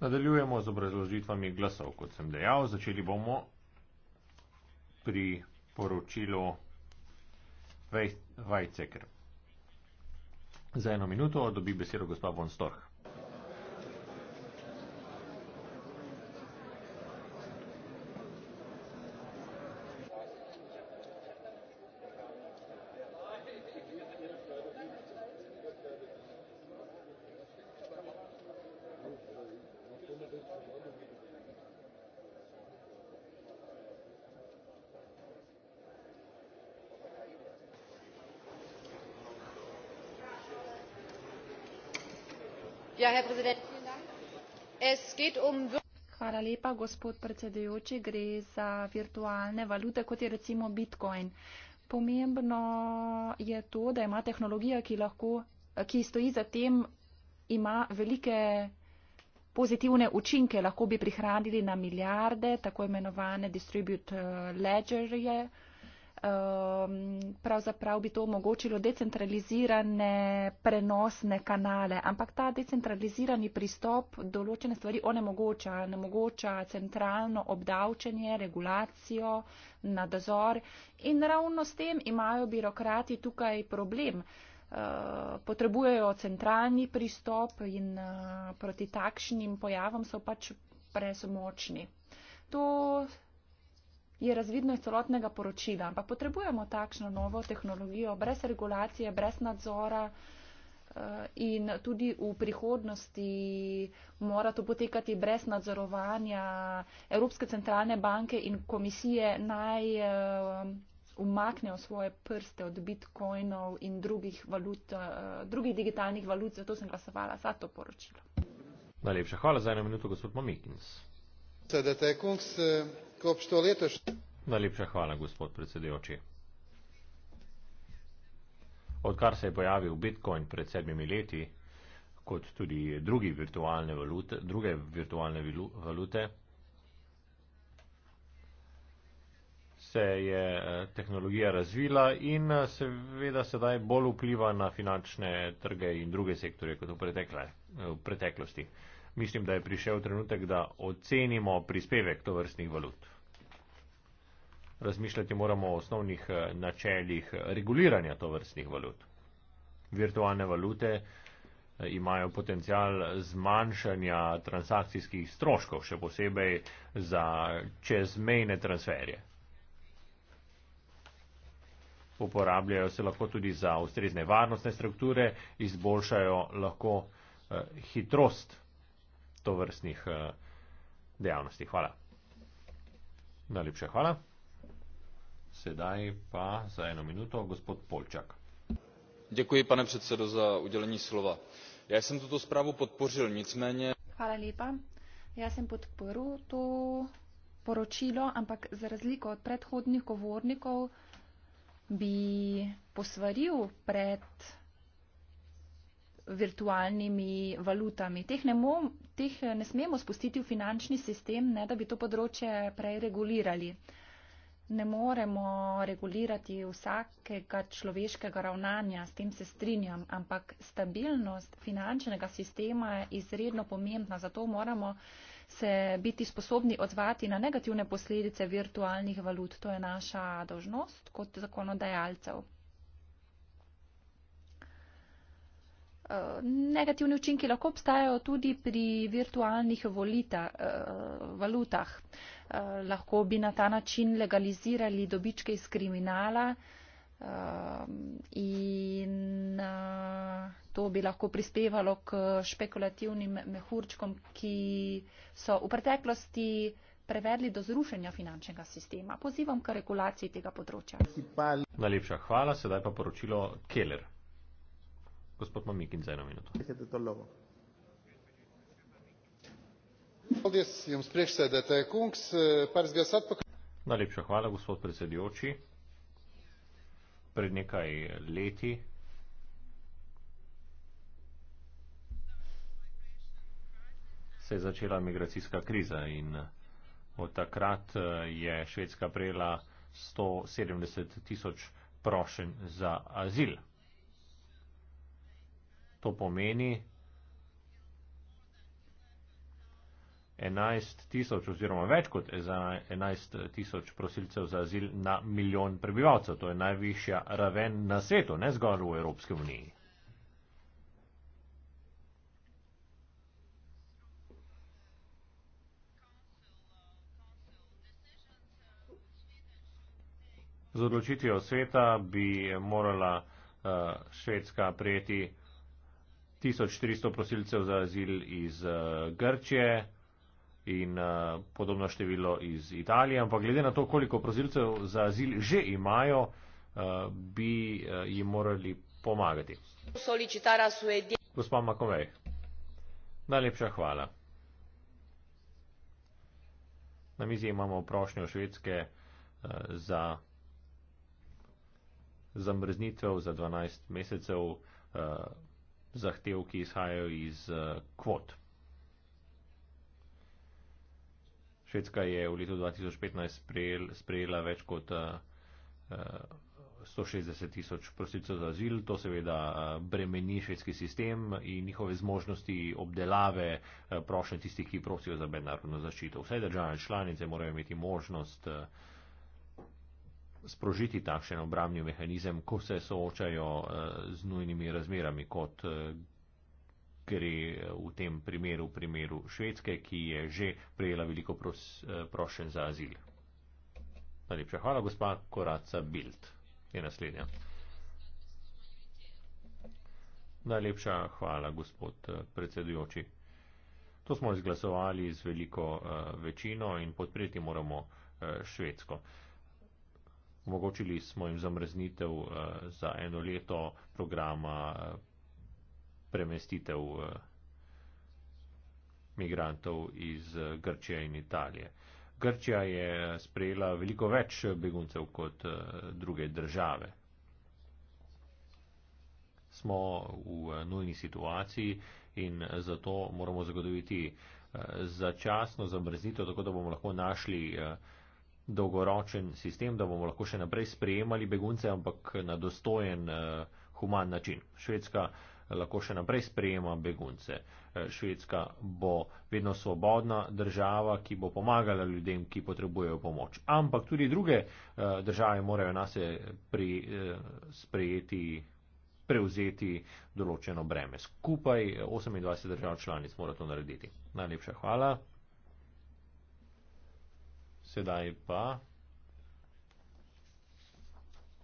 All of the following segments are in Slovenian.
Nadaljujemo z obrazložitvami glasov, kot sem dejal. Začeli bomo pri poročilu Vajceker. Za eno minuto dobi besedo gospa Von Storch. Ja, um Hvala lepa, gospod predsedujoči. Gre za virtualne valute, kot je recimo Bitcoin. Pomembno je to, da ima tehnologija, ki, lahko, ki stoji za tem, ima velike pozitivne učinke. Lahko bi prihranili na milijarde, tako imenovane distribute eh, ledgerje, Ehm, pravzaprav bi to omogočilo decentralizirane prenosne kanale, ampak ta decentralizirani pristop določene stvari onemogoča, onemogoča centralno obdavčenje, regulacijo, nadzor in ravno s tem imajo birokrati tukaj problem. Ehm, potrebujejo centralni pristop in eh, proti takšnim pojavom so pač presmočni. To je razvidno iz celotnega poročila. Ampak potrebujemo takšno novo tehnologijo, brez regulacije, brez nadzora. Eh, in tudi v prihodnosti mora to potekati brez nadzorovanja Evropske centralne banke in komisije naj eh, umaknejo svoje prste od bitcoinov in drugih valut, eh, drugih digitalnih valut. Zato sem glasovala za to poročilo. Najlepša hvala za eno minuto, gospod Mamikins kot to letoš. Najlepša hvala, gospod predsedujoči. Odkar se je pojavil Bitcoin pred sedmimi leti, kot tudi virtualne valute, druge virtualne valute, se je eh, tehnologija razvila in eh, seveda sedaj bolj vpliva na finančne trge in druge sektorje kot v, pretekle, eh, v preteklosti mislim, da je prišel trenutek, da ocenimo prispevek to vrstnih valut. Razmišljati moramo o osnovnih eh, načeljih eh, reguliranja to vrstnih valut. Virtualne valute eh, imajo potencial zmanjšanja transakcijskih stroškov, še posebej za čezmejne transferje. Uporabljajo se lahko tudi za ustrezne varnostne strukture, izboljšajo lahko eh, hitrost to vrstnih eh, dejavnosti. Hvala. Najlepša hvala. Sedaj pa za eno minuto gospod Polčak. Děkuji, pane předsedo, za udělení slova. Já jsem tuto zprávu podpořil, nicméně. Hvala lepa. Já jsem podporil to poročilo, ampak za razliko od predhodnih govornikov bi posvaril pred virtualnimi valutami. Teh ne, mo, teh ne smemo spustiti v finančni sistem, ne da bi to področje prej regulirali. Ne moremo regulirati vsakega človeškega ravnanja, s tem se strinjam, ampak stabilnost finančnega sistema je izredno pomembna, zato moramo se biti sposobni odzvati na negativne posledice virtualnih valut. To je naša dožnost kot zakonodajalcev. Eh, negativni učinki lahko obstajajo tudi pri virtualnih volita, eh, valutah. Eh, lahko bi na ta način legalizirali dobičke iz kriminala in to bi lahko prispevalo k špekulativnim mehurčkom, ki so v preteklosti prevedli do zrušenja finančnega sistema. Pozivam k regulaciji tega področja. Najlepša hvala, sedaj pa poročilo Keller. Gospod Mamikin, za eno minuto. Najlepša hvala, gospod predsedujoči. Pred nekaj leti se je začela migracijska kriza in od takrat eh, je Švedska prejela 170 tisoč prošen za azil to pomeni 11 tisoč oziroma več kot 11 tisoč prosilcev za azil na milijon prebivalcev. To je najvišja raven na svetu, ne zgolj v Evropski uniji. Z odločitvijo sveta bi morala uh, Švedska prijeti 1400 prosilcev za azil iz uh, Grčije in uh, podobno število iz Italije, ampak glede na to, koliko prosilcev za azil že imajo, uh, bi uh, jim morali pomagati. Gospa Makovej, najlepša hvala. Na mizi imamo prošnjo švedske uh, za zamrznitev za 12 mesecev. Uh, zahtev, ki izhajajo iz eh, kvot. Švedska je v letu 2015 sprejel, sprejela več kot uh, eh, 160 eh, tisoč prosilcev za azil. To seveda bremeni švedski sistem in njihove zmožnosti obdelave uh, prošnje tistih, ki prosijo za mednarodno zaščito. Vse države članice morajo imeti možnost uh, sprožiti takšen obramni mehanizem, ko se soočajo eh, z nujnimi razmerami, kot eh, gre eh, v tem primeru, v primeru Švedske, ki je že prejela veliko pros, prošen za azil. Najlepša hvala, gospa Koraca Bild. Je naslednja. Najlepša hvala, gospod predsedujoči. To smo izglasovali z veliko uh, večino in podpreti moramo uh, Švedsko. Uh, omogočili smo jim zamrznitev uh, za eno leto programa uh, premestitev uh, migrantov iz uh, Grčije in Italije. Grčija je sprejela veliko več beguncev kot uh, druge države. Smo v nujni situaciji in zato moramo zagotoviti začasno zamrznitev, tako da bomo lahko našli uh, dolgoročen sistem, da bomo lahko še naprej sprejemali begunce, ampak na dostojen, eh, human način. Švedska eh, lahko še naprej sprejema begunce. Eh, Švedska bo vedno svobodna država, ki bo pomagala ljudem, ki potrebujejo pomoč. Ampak tudi druge države morajo nas pri, sprejeti, prevzeti določeno breme. Skupaj 28 držav članic mora to narediti. Najlepša hvala. Sedaj pa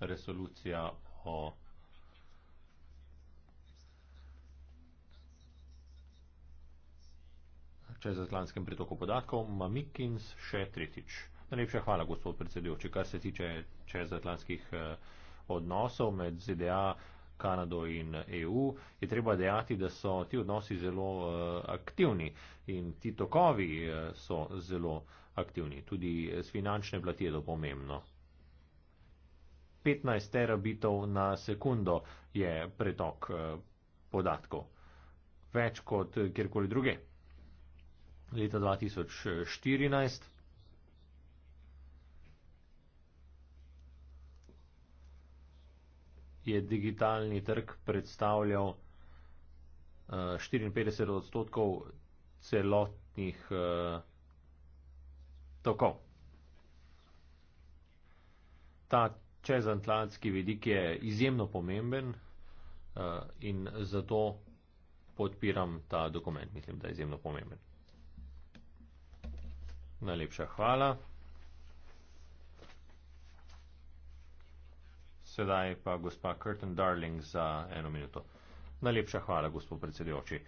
resolucija o čezatlantskem pritoku podatkov. Mamikins še tretjič. Najlepša hvala, gospod predsedujoči. Kar se tiče čezatlantskih eh, odnosov med ZDA, Kanado in EU, eh, e je treba dejati, da so ti odnosi zelo eh, aktivni in ti tokovi so zelo aktivni aktivni. Tudi z finančne plati je to pomembno. 15 terabitov na sekundo je pretok eh, podatkov. Več kot kjerkoli druge. Leta 2014 eh, je digitalni trg predstavljal 54 eh, odstotkov celotnih tako. Ta čezantlantski vidik je izjemno pomemben eh, in zato podpiram ta dokument. Mislim, da je izjemno pomemben. Najlepša hvala. Sedaj pa gospa Curtin Darling za eno minuto. Najlepša hvala, gospod predsedujoči.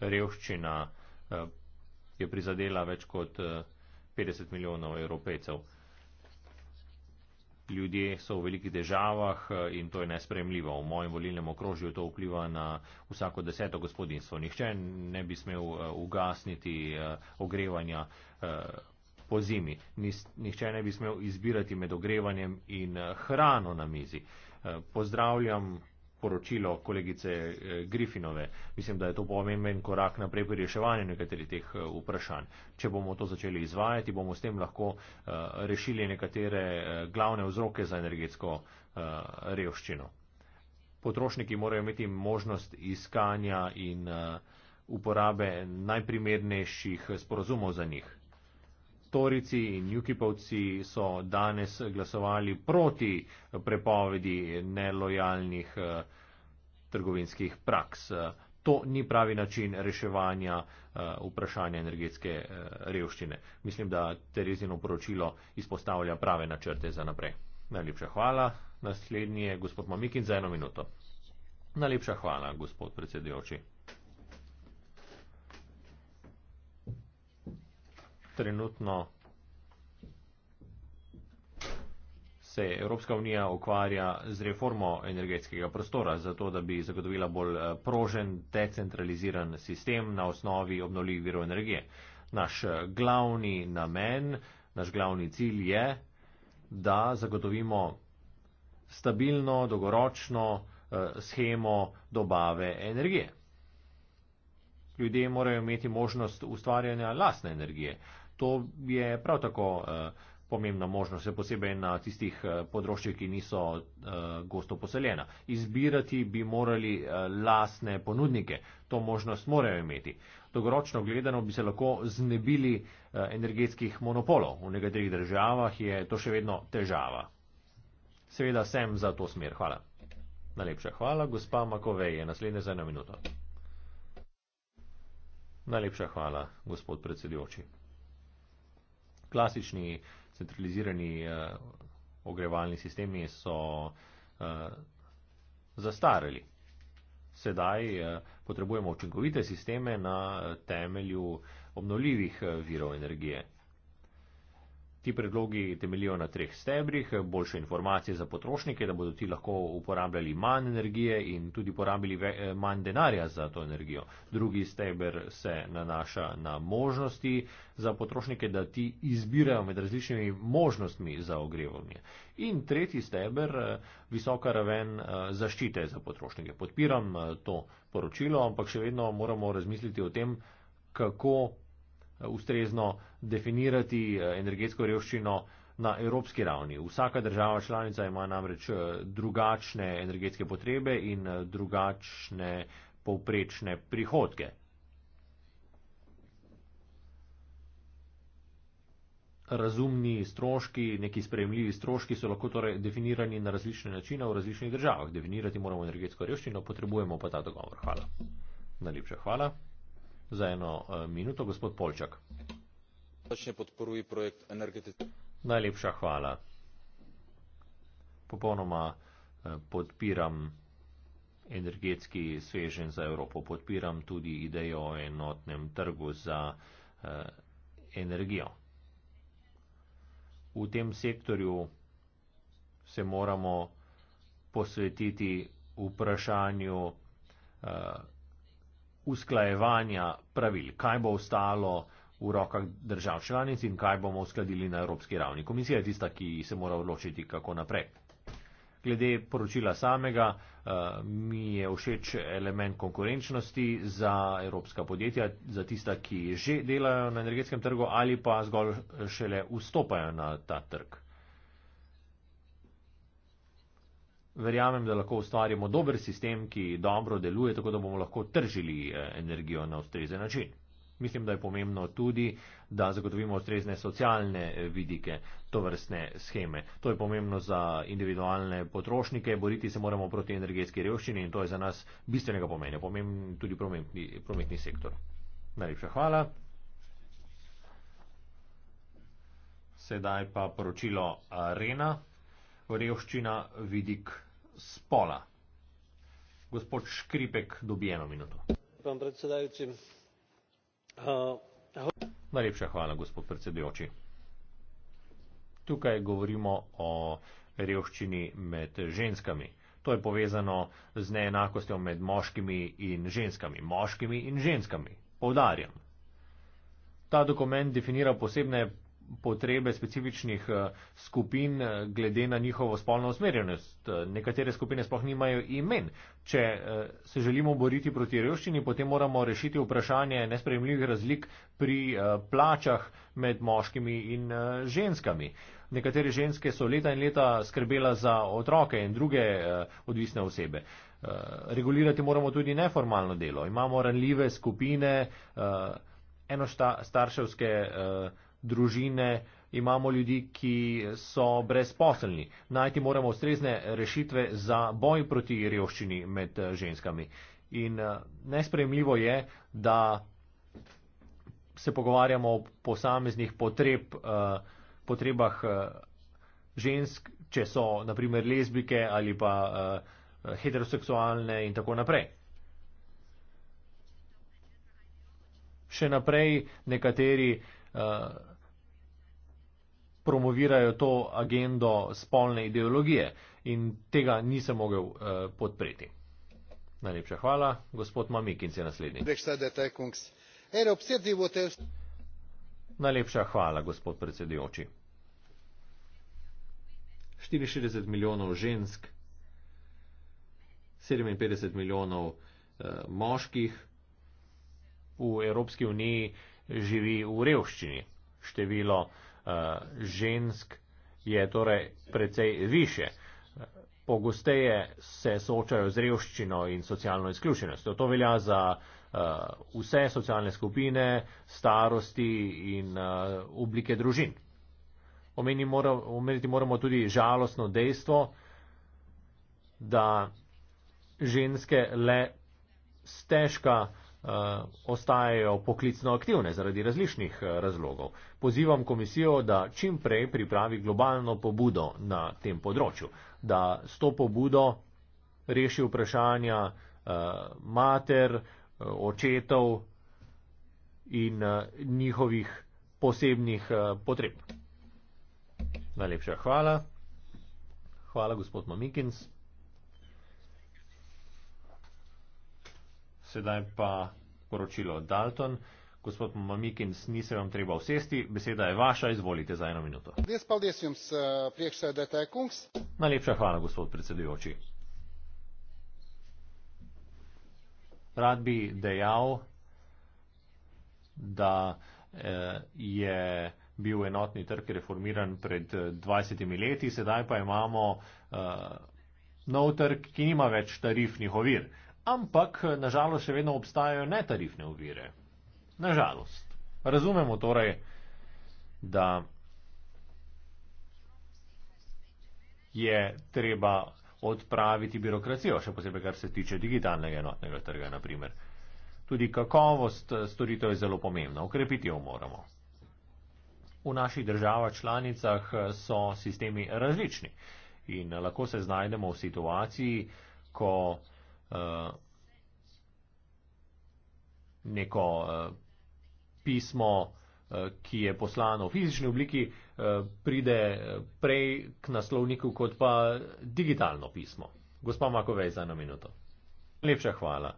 Revščina eh, je prizadela več kot eh, 50 milijonov evropejcev. Ljudje so v velikih težavah eh, in to je nespremljivo. V mojem volilnem okrožju to vpliva na vsako deseto gospodinstvo. Nihče ne bi smel eh, ugasniti eh, ogrevanja po zimi. Nihče ne bi smel izbirati med ogrevanjem in hrano na mizi. Pozdravljam poročilo kolegice eh, Grifinove. Mislim, da je to pomemben korak naprej pri reševanju nekaterih teh eh, vprašanj. Če bomo to začeli izvajati, bomo s tem lahko eh, rešili nekatere glavne vzroke za energetsko revščino. Potrošniki morajo imeti možnost iskanja in uporabe najprimernejših sporozumov za njih. Torici in Jukipovci so danes glasovali proti prepovedi nelojalnih eh, trgovinskih praks. To ni pravi način reševanja eh, vprašanja energetske eh, revščine. Mislim, da Terezino poročilo izpostavlja prave načrte za naprej. Najlepša hvala. Naslednji je gospod Mamikin za eno minuto. Najlepša hvala, gospod predsedujoči. trenutno se Evropska unija ukvarja z reformo energetskega prostora, zato da bi zagotovila bolj eh, prožen, decentraliziran sistem na osnovi obnovljivih virov energije. Naš eh, glavni namen, naš glavni cilj je, da zagotovimo stabilno, dolgoročno eh, schemo dobave energije. Ljudje morajo imeti možnost ustvarjanja lasne energije. To je prav tako uh, pomembna možnost, še posebej na tistih eh, področjih, ki niso uh, gosto poseljena. Izbirati bi morali uh, lasne ponudnike, to možnost morajo imeti. Dolgoročno gledano bi se lahko znebili uh, energetskih monopolov. V nekaterih državah je to še vedno težava. Seveda sem za to smer. Hvala. Najlepša hvala. Gospa Makovej je naslednja za eno minuto. Najlepša hvala, gospod predsedujoči klasični centralizirani uh, ogrevalni sistemi so uh, eh, zastarali. Sedaj uh, potrebujemo učinkovite sisteme na temelju obnovljivih uh, virov energije. Ti predlogi temelijo na treh stebrih, boljše informacije za potrošnike, da bodo ti lahko uporabljali manj energije in tudi porabili eh, manj denarja za to energijo. Drugi steber se nanaša na možnosti za potrošnike, da ti izbirajo med različnimi možnostmi za ogrevanje. In tretji steber, eh, visoka raven eh, zaščite za potrošnike. Podpiram to poročilo, ampak še vedno moramo razmisliti o tem, kako ustrezno definirati eh, energetsko revščino na evropski ravni. Vsaka država članica ima namreč eh, drugačne energetske potrebe in eh, drugačne povprečne prihodke. Razumni stroški, neki sprejemljivi stroški so lahko torej definirani na različne načine v različnih državah. Definirati moramo energetsko revščino, potrebujemo pa ta dogovor. Hvala. Najlepša hvala. Za eno minuto, gospod Polčak. Odločne podporuji projekt energetike. Najlepša hvala. Popolnoma eh, podpiram energetski svežen za Evropo. Podpiram tudi idejo o enotnem trgu za eh, energijo. V tem sektorju se moramo posvetiti vprašanju eh, usklajevanja pravil. Kaj bo ostalo? v rokah držav članic in kaj bomo uskladili na evropski ravni. Komisija je tista, ki se mora odločiti, kako naprej. Glede poročila samega, eh, mi je všeč element konkurenčnosti za evropska podjetja, za tista, ki že delajo na energetskem trgu ali pa zgolj šele vstopajo na ta trg. Verjamem, da lahko ustvarjamo dober sistem, ki dobro deluje, tako da bomo lahko tržili eh, energijo na ustrezen način. Mislim, da je pomembno tudi, da zagotovimo ustrezne socialne eh, vidike to vrstne scheme. To je pomembno za individualne potrošnike, boriti se moramo proti energetski revščini in to je za nas bistvenega pomena, pomemben tudi prometni, prometni sektor. Najlepša hvala. Sedaj pa poročilo Arena, revščina vidik spola. Gospod Škripek dobi eno minuto. Vam predsedajoči. Najlepša hvala, gospod predsedujoči. Tukaj govorimo o revščini med ženskami. To je povezano z neenakostjo med moškimi in ženskami. Moškimi in ženskami. Povdarjam. Ta dokument definira posebne potrebe specifičnih eh, skupin eh, glede na njihovo spolno usmerjenost. Eh, nekatere skupine sploh nimajo imen. Če se želimo boriti proti revščini, potem moramo rešiti vprašanje nespremljivih razlik pri plačah med moškimi in ženskami. Nekatere ženske so leta in leta skrbela za otroke in druge odvisne osebe. Regulirati moramo tudi neformalno delo. Imamo ranljive skupine enostarševske skupine družine, imamo ljudi, ki so brezposelni. Najti moramo ustrezne rešitve za boj proti revščini med eh, ženskami. In eh, nespremljivo je, da se pogovarjamo o posameznih potreb, eh, potrebah žensk, če so naprimer lezbike ali pa heteroseksualne in tako naprej. Še naprej nekateri uh, promovirajo to agendo spolne ideologije in tega nisem mogel uh, podpreti. Najlepša hvala. Gospod Mamikin je naslednji. Najlepša hvala, gospod predsedujoči. 64 milijonov žensk, 57 milijonov uh, moških v Evropski uniji živi v revščini. Število uh, Eh, žensk je torej precej više. Pogosteje se soočajo z revščino in socialno izključenostjo. To velja za uh, vse socialne skupine, starosti in uh, oblike družin. Moramo, omeniti moramo tudi žalostno dejstvo, da ženske le stežka uh, Eh, ostajajo poklicno aktivne zaradi različnih eh, razlogov. Pozivam komisijo, da čim prej pripravi globalno pobudo na tem področju, da s to pobudo reši vprašanja eh, mater, očetov in njihovih posebnih potreb. Najlepša hvala. Hvala, gospod Mamikins. Sedaj pa poročilo Dalton. Gospod Mamikin, ni se vam treba usesti, beseda je vaša, izvolite za eno minuto. Eh, Najlepša hvala, gospod predsedujoči. Rad bi dejal, da eh, je bil enotni trg reformiran pred 20 eh, leti, sedaj pa imamo nov trg, ki nima več tarifnih ovir ampak nažalost še vedno obstajajo netarifne ovire. Nažalost. Razumemo torej, da je treba odpraviti birokracijo, še posebej kar se tiče digitalnega enotnega trga, naprimer. Tudi kakovost eh, storitev je zelo pomembna, ukrepiti jo moramo. V naših državah članicah eh, so sistemi različni in eh, lahko se znajdemo v situaciji, ko Eh, neko eh, pismo, eh, ki je poslano v fizični obliki, pride prej k naslovniku kot pa digitalno pismo. Gospa Makovej, za eno minuto. Lepša hvala.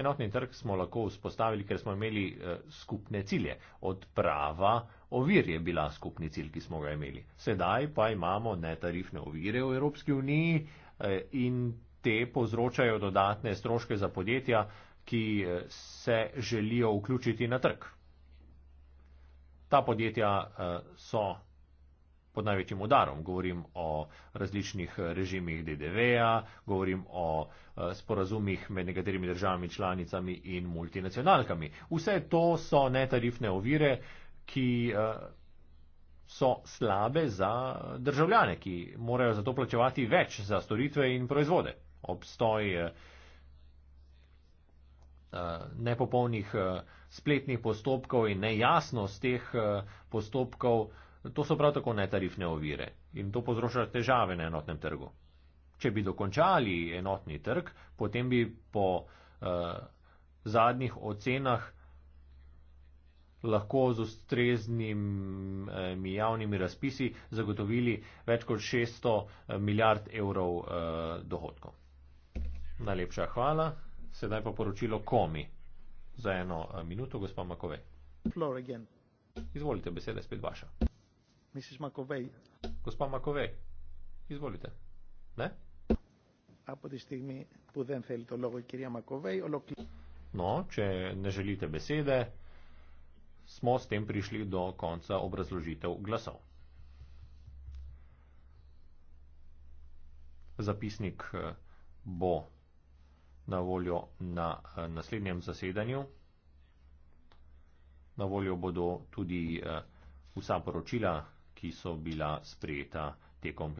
Enotni trg smo lahko vzpostavili, ker smo imeli skupne cilje. Odprava ovir je bila skupni cilj, ki smo ga imeli. Sedaj pa imamo netarifne ovire v Evropski uniji in te povzročajo dodatne stroške za podjetja, ki eh, se želijo vključiti na trg. Ta podjetja eh, so pod največjim udarom. Govorim o različnih eh, režimih DDV-ja, govorim o sporazumih med nekaterimi državami članicami in multinacionalkami. Vse to so netarifne ovire, ki so slabe za državljane, ki morajo zato plačevati več za storitve in proizvode obstoj eh, eh, nepopolnih eh, spletnih postopkov in nejasnost teh postopkov, to so prav tako netarifne ovire in to povzroča težave na enotnem trgu. Če bi dokončali enotni trg, potem bi po zadnjih ocenah lahko z ustreznimi javnimi razpisi zagotovili več kot 600 milijard evrov dohodkov. Najlepša hvala. Sedaj pa poročilo komi. Za eno eh, minuto, gospod Makovej. Izvolite, beseda je spet vaša. McAvey. Gospod Makovej, izvolite. Ne? No, če ne želite besede, smo s tem prišli do konca obrazložitev glasov. Zapisnik eh, bo na voljo na eh, naslednjem zasedanju. Na voljo bodo tudi eh, vsa poročila, ki so bila sprejeta tekom